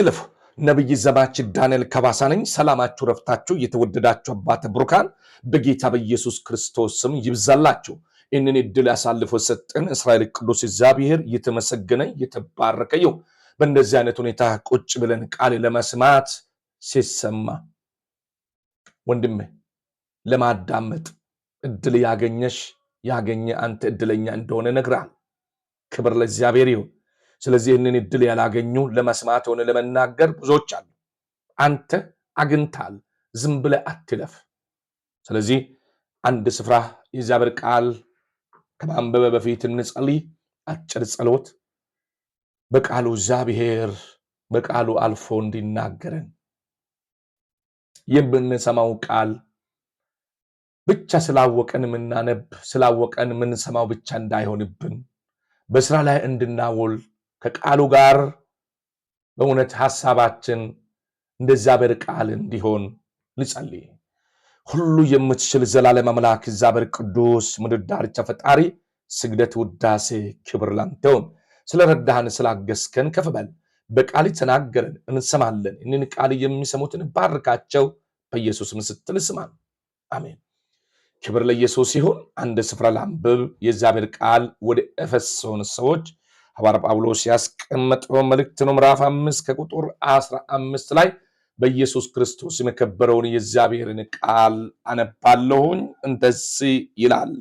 አትለፉ። ነቢይ ዘማች ዳንኤል ከባሳ ነኝ። ሰላማችሁ ረፍታችሁ የተወደዳችሁ አባተ ብሩካን በጌታ በኢየሱስ ክርስቶስ ስም ይብዛላችሁ። ይህንን እድል ያሳልፎ ሰጠን እስራኤል ቅዱስ እግዚአብሔር የተመሰገነ የተባረከ ይሁን። በእንደዚህ አይነት ሁኔታ ቁጭ ብለን ቃል ለመስማት ሲሰማ ወንድሜ ለማዳመጥ እድል ያገኘሽ ያገኘ አንተ እድለኛ እንደሆነ ነግራል። ክብር ለእግዚአብሔር ይሁን። ስለዚህ ይህንን እድል ያላገኙ ለመስማት ሆነ ለመናገር ብዙዎች አሉ። አንተ አግኝታል፣ ዝም ብለህ አትለፍ። ስለዚህ አንድ ስፍራ የእግዚአብሔር ቃል ከማንበበ በፊት እንጸልይ። አጭር ጸሎት በቃሉ እግዚአብሔር በቃሉ አልፎ እንዲናገረን የምንሰማው ቃል ብቻ ስላወቀን የምናነብ ስላወቀን የምንሰማው ብቻ እንዳይሆንብን በስራ ላይ እንድናውል ከቃሉ ጋር በእውነት ሐሳባችን እንደ እግዚአብሔር ቃል እንዲሆን ልጸልይ። ሁሉ የምትችል ዘላለም አምላክ እግዚአብሔር ቅዱስ፣ ምድር ዳርቻ ፈጣሪ፣ ስግደት፣ ውዳሴ፣ ክብር ላንተውን ስለ ረዳህን ስላገስከን ከፍ በቃል ተናገረን፣ እንሰማለን። እንን ቃል የሚሰሙትን ባርካቸው፣ በኢየሱስ ምስትል ስማን። አሜን። ክብር ለኢየሱስ ይሁን። አንድ ስፍራ ላንብብ። የእግዚአብሔር ቃል ወደ ኤፌሶን ሰዎች ሐዋር ጳውሎስ ያስቀመጠው መልእክት ነው። ምዕራፍ አምስት ከቁጥር አስራ አምስት ላይ በኢየሱስ ክርስቶስ የመከበረውን የእግዚአብሔርን ቃል አነባለሁኝ። እንደዚህ ይላል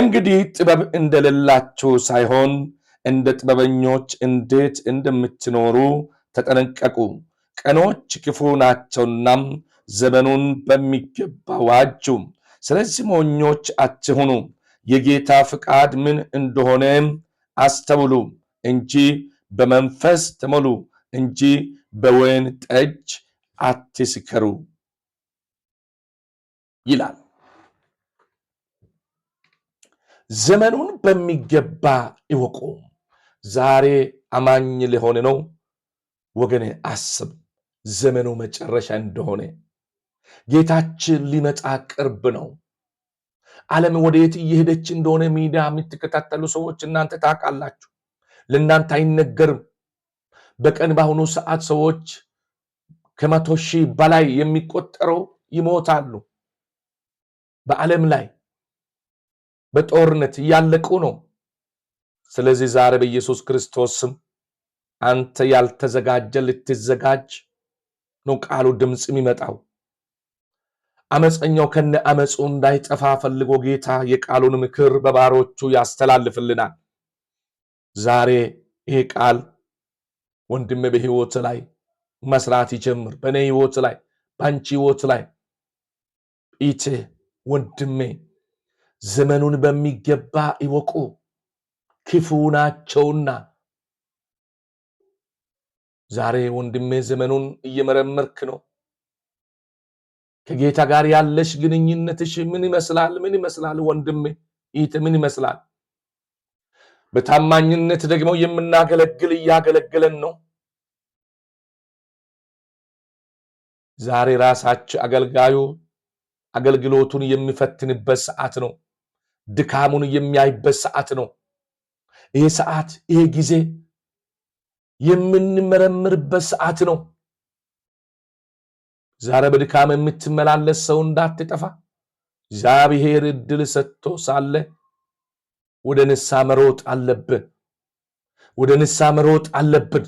እንግዲህ ጥበብ እንደሌላችሁ ሳይሆን እንደ ጥበበኞች እንዴት እንደምትኖሩ ተጠነቀቁ። ቀኖች ክፉ ናቸውና ዘመኑን በሚገባ ዋጁ። ስለዚህ ሞኞች አትሁኑ፣ የጌታ ፍቃድ ምን እንደሆነ አስተውሉ እንጂ በመንፈስ ተሞሉ እንጂ በወይን ጠጅ አትስከሩ ይላል። ዘመኑን በሚገባ ይወቁ። ዛሬ አማኝ ሊሆን ነው ወገኔ አስብ፣ ዘመኑ መጨረሻ እንደሆነ ጌታችን ሊመጣ ቅርብ ነው። ዓለም ወደየት እየሄደች እንደሆነ ሚዲያ የምትከታተሉ ሰዎች እናንተ ታውቃላችሁ። ለእናንተ አይነገርም። በቀን በአሁኑ ሰዓት ሰዎች ከመቶ ሺህ በላይ የሚቆጠረው ይሞታሉ። በዓለም ላይ በጦርነት እያለቁ ነው። ስለዚህ ዛሬ በኢየሱስ ክርስቶስ አንተ ያልተዘጋጀ ልትዘጋጅ ነው ቃሉ ድምፅ የሚመጣው አመፀኛው ከነ አመፁ እንዳይጠፋ ፈልጎ ጌታ የቃሉን ምክር በባሮቹ ያስተላልፍልናል። ዛሬ ይህ ቃል ወንድሜ በህይወት ላይ መስራት ይጀምር። በእኔ ህይወት ላይ፣ በአንቺ ህይወት ላይ ኢቴ ወንድሜ ዘመኑን በሚገባ ይወቁ፣ ክፉ ናቸውና። ዛሬ ወንድሜ ዘመኑን እየመረመርክ ነው። ከጌታ ጋር ያለሽ ግንኙነትሽ ምን ይመስላል? ምን ይመስላል? ወንድሜ ይት ምን ይመስላል? በታማኝነት ደግሞ የምናገለግል እያገለገለን ነው። ዛሬ ራሳች አገልጋዩ አገልግሎቱን የሚፈትንበት ሰዓት ነው። ድካሙን የሚያይበት ሰዓት ነው። ይሄ ሰዓት ይሄ ጊዜ የምንመረምርበት ሰዓት ነው። ዛሬ በድካም የምትመላለስ ሰው እንዳትጠፋ እግዚአብሔር እድል ሰጥቶ ሳለ ወደ ንሳ መሮጥ አለብን ወደ ንሳ መሮጥ አለብን።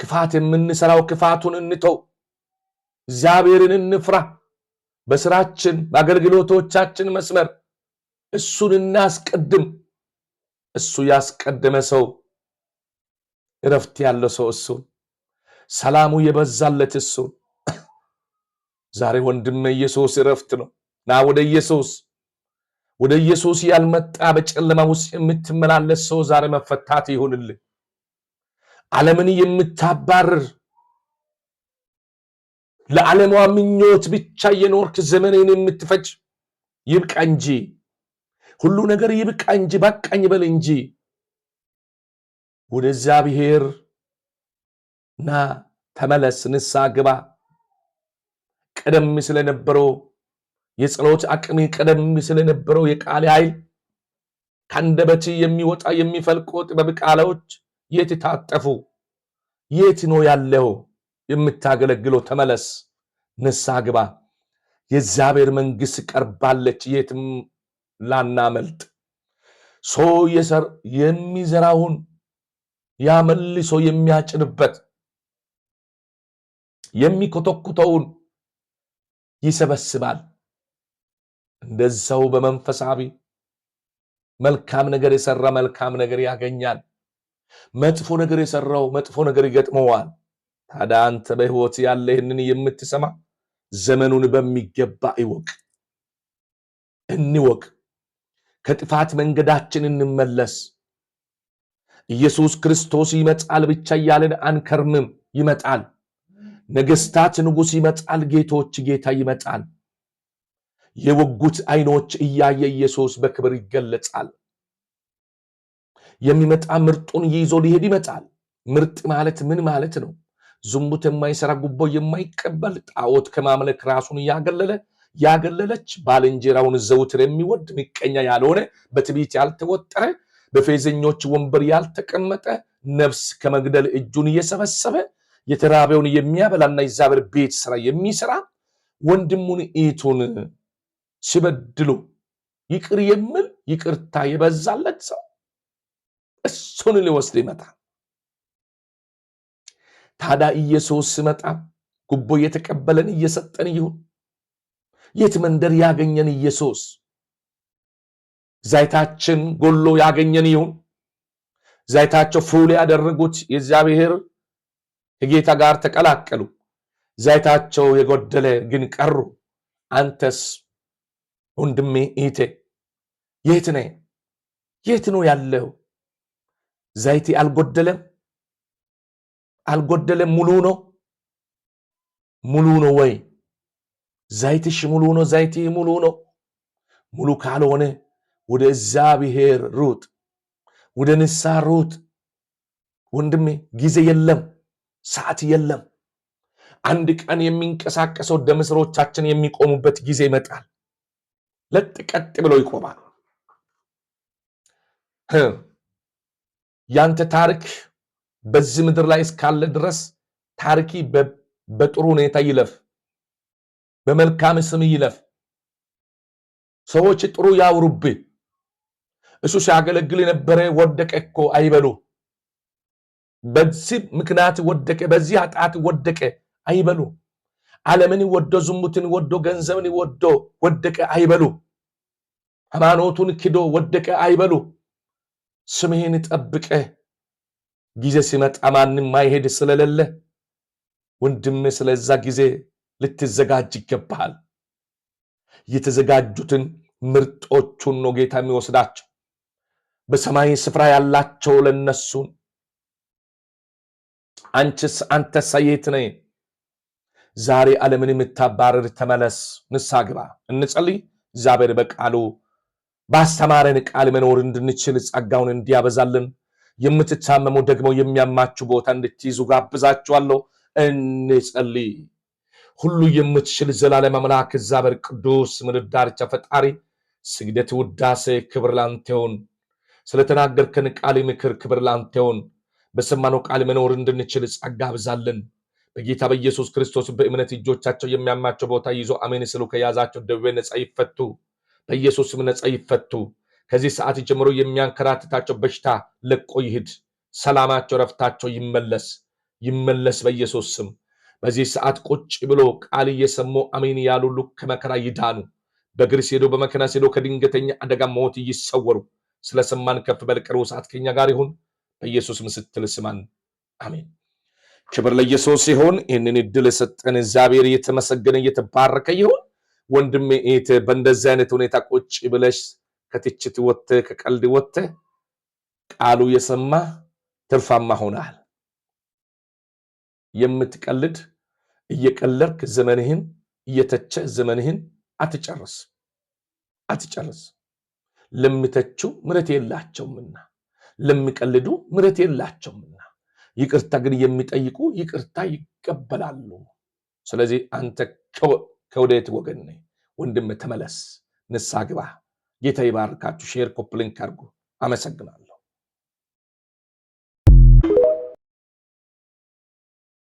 ክፋት የምንሰራው ክፋቱን እንተው፣ እግዚአብሔርን እንፍራ። በስራችን በአገልግሎቶቻችን መስመር እሱን እናስቀድም። እሱ ያስቀደመ ሰው እረፍት ያለው ሰው እሱን ሰላሙ የበዛለት እሱን ዛሬ ወንድም ኢየሱስ እረፍት ነው። ና ወደ ኢየሱስ። ወደ ኢየሱስ ያልመጣ በጨለማ ውስጥ የምትመላለስ ሰው ዛሬ መፈታት ይሁንልህ። ዓለምን የምታባርር ለዓለሟ ምኞት ብቻ የኖርክ ዘመንን የምትፈጅ ይብቃ እንጂ ሁሉ ነገር ይብቃ እንጂ በቃኝ በል እንጂ ወደ እግዚአብሔር ና ተመለስ፣ ንስሐ ግባ። ቀደም ሲል የነበረው የጸሎት አቅሜ፣ ቀደም ሲል የነበረው የቃል ኃይል ከአንደበት የሚወጣ የሚፈልቆ ጥበብ ቃሎች የት ታጠፉ? የት ነው ያለው? የምታገለግለው ተመለስ፣ ንስሐ ግባ። የእግዚአብሔር መንግስት ቀርባለች፣ የትም ላናመልጥ። ሰው የሚዘራውን ያመልሶ የሚያጭንበት የሚኮተኩተውን ይሰበስባል። እንደዚህ ሰው በመንፈሳዊ መልካም ነገር የሰራ መልካም ነገር ያገኛል። መጥፎ ነገር የሰራው መጥፎ ነገር ይገጥመዋል። ታዲያ አንተ በሕይወት ያለ ይህንን የምትሰማ ዘመኑን በሚገባ ይወቅ እንወቅ፣ ከጥፋት መንገዳችን እንመለስ። ኢየሱስ ክርስቶስ ይመጣል ብቻ እያለን አንከርምም፣ ይመጣል። ነገስታት ንጉሥ ይመጣል፣ ጌቶች ጌታ ይመጣል። የወጉት አይኖች እያየ ኢየሱስ በክብር ይገለጻል። የሚመጣ ምርጡን ይዞ ሊሄድ ይመጣል። ምርጥ ማለት ምን ማለት ነው? ዝሙት የማይሰራ ጉቦ የማይቀበል ጣዖት ከማምለክ ራሱን እያገለለ ያገለለች ባልንጀራውን ዘውትር የሚወድ ምቀኛ ያልሆነ በትቢት ያልተወጠረ በፌዘኞች ወንበር ያልተቀመጠ ነፍስ ከመግደል እጁን እየሰበሰበ የተራበውን የሚያበላና የእግዚአብሔር ቤት ስራ የሚሰራ ወንድሙን እህቱን ሲበድሉ ይቅር የሚል ይቅርታ የበዛለት ሰው እሱን ሊወስድ ይመጣል። ታዲያ ኢየሱስ ሲመጣ ጉቦ እየተቀበለን እየሰጠን ይሁን? የት መንደር ያገኘን ኢየሱስ ዘይታችን ጎሎ ያገኘን ይሁን? ዘይታቸው ፉል ያደረጉት የእግዚአብሔር ከጌታ ጋር ተቀላቀሉ። ዘይታቸው የጎደለ ግን ቀሩ። አንተስ ወንድሜ ኢቴ የት ነህ? የት ነው ያለው? ዘይቴ አልጎደለም አልጎደለም። ሙሉ ነው ሙሉ ነው ወይ? ዘይትሽ ሙሉ ነው? ዘይቴ ሙሉ ነው? ሙሉ ካልሆነ ወደ እግዚአብሔር ሩጥ፣ ወደ ንሳ ሩጥ። ወንድሜ ጊዜ የለም። ሰዓት የለም። አንድ ቀን የሚንቀሳቀሰው ደም ስሮቻችን የሚቆሙበት ጊዜ ይመጣል። ለጥ ቀጥ ብለው ይቆማል። ያንተ ታሪክ በዚህ ምድር ላይ እስካለ ድረስ ታሪኪ በጥሩ ሁኔታ ይለፍ፣ በመልካም ስም ይለፍ። ሰዎች ጥሩ ያውሩብህ። እሱ ሲያገለግል የነበረ ወደቀ እኮ አይበሉ። በዚህ ምክንያት ወደቀ፣ በዚህ ኃጢአት ወደቀ አይበሉ። ዓለምን ወዶ ዝሙትን ወዶ ገንዘብን ወዶ ወደቀ አይበሉ። ሃይማኖቱን ክዶ ወደቀ አይበሉ። ስምህን ጠብቀ ጊዜ ሲመጣ ማንም ማይሄድ ስለሌለ ወንድም፣ ስለዛ ጊዜ ልትዘጋጅ ይገባሃል። የተዘጋጁትን ምርጦቹን ነው ጌታ የሚወስዳቸው። በሰማይ ስፍራ ያላቸው ለነሱን አንቺስ አንተሳ ሰይት ነ ዛሬ ዓለምን የምታባርር ተመለስ፣ ንስሐ ግባ። እንጸልይ። እግዚአብሔር በቃሉ ባስተማረን ቃል መኖር እንድንችል ጸጋውን እንዲያበዛልን የምትታመሙ ደግሞ የሚያማችሁ ቦታ እንድትይዙ ጋብዛችኋለሁ። እንጸልይ። ሁሉ የምትችል ዘላለም አምላክ እግዚአብሔር ቅዱስ ምድር ዳርቻ ፈጣሪ ስግደት፣ ውዳሴ፣ ክብር ላንተ ይሁን። ስለተናገርከን ቃል ምክር ክብር ላንተ ይሁን። በሰማነው ቃል መኖር እንድንችል ጸጋ አብዛልን። በጌታ በኢየሱስ ክርስቶስ በእምነት እጆቻቸው የሚያማቸው ቦታ ይዞ አሜን ስሉ ከያዛቸው ደዌ ነጻ ይፈቱ፣ በኢየሱስም ነጻ ይፈቱ። ከዚህ ሰዓት ጀምሮ የሚያንከራትታቸው በሽታ ለቆ ይሂድ። ሰላማቸው፣ ረፍታቸው ይመለስ ይመለስ በኢየሱስ ስም። በዚህ ሰዓት ቁጭ ብሎ ቃል እየሰሙ አሜን ያሉ ሁሉ ከመከራ ይዳኑ። በእግር ሲሄዱ፣ በመኪና ሲሄዱ ከድንገተኛ አደጋ ሞት ይሰወሩ። ስለሰማን ከፍ በልቀርው ሰዓት ከኛ ጋር ይሁን። በኢየሱስ ምስትል ስማን፣ አሜን። ክብር ለኢየሱስ ይሁን። ይህንን እድል የሰጠን እግዚአብሔር እየተመሰገነ እየተባረከ ይሁን። ወንድሜ እህት፣ በእንደዚህ አይነት ሁኔታ ቁጭ ብለሽ ከትችት ወተ ከቀልድ ወተ ቃሉ የሰማ ትርፋማ ሆናል። የምትቀልድ እየቀለድክ ዘመንህን እየተቸ ዘመንህን አትጨርስ አትጨርስ። ለሚተቹ ምረት የላቸውምና ለሚቀልዱ ምረት የላቸውምና ይቅርታ ግን የሚጠይቁ ይቅርታ ይቀበላሉ። ስለዚህ አንተ ከወዴት ወገን ወንድም ተመለስ፣ ንሳግባ ግባ። ጌታ ይባርካችሁ። ሼር ኮፕሊንክ አድርጉ። አመሰግናለሁ።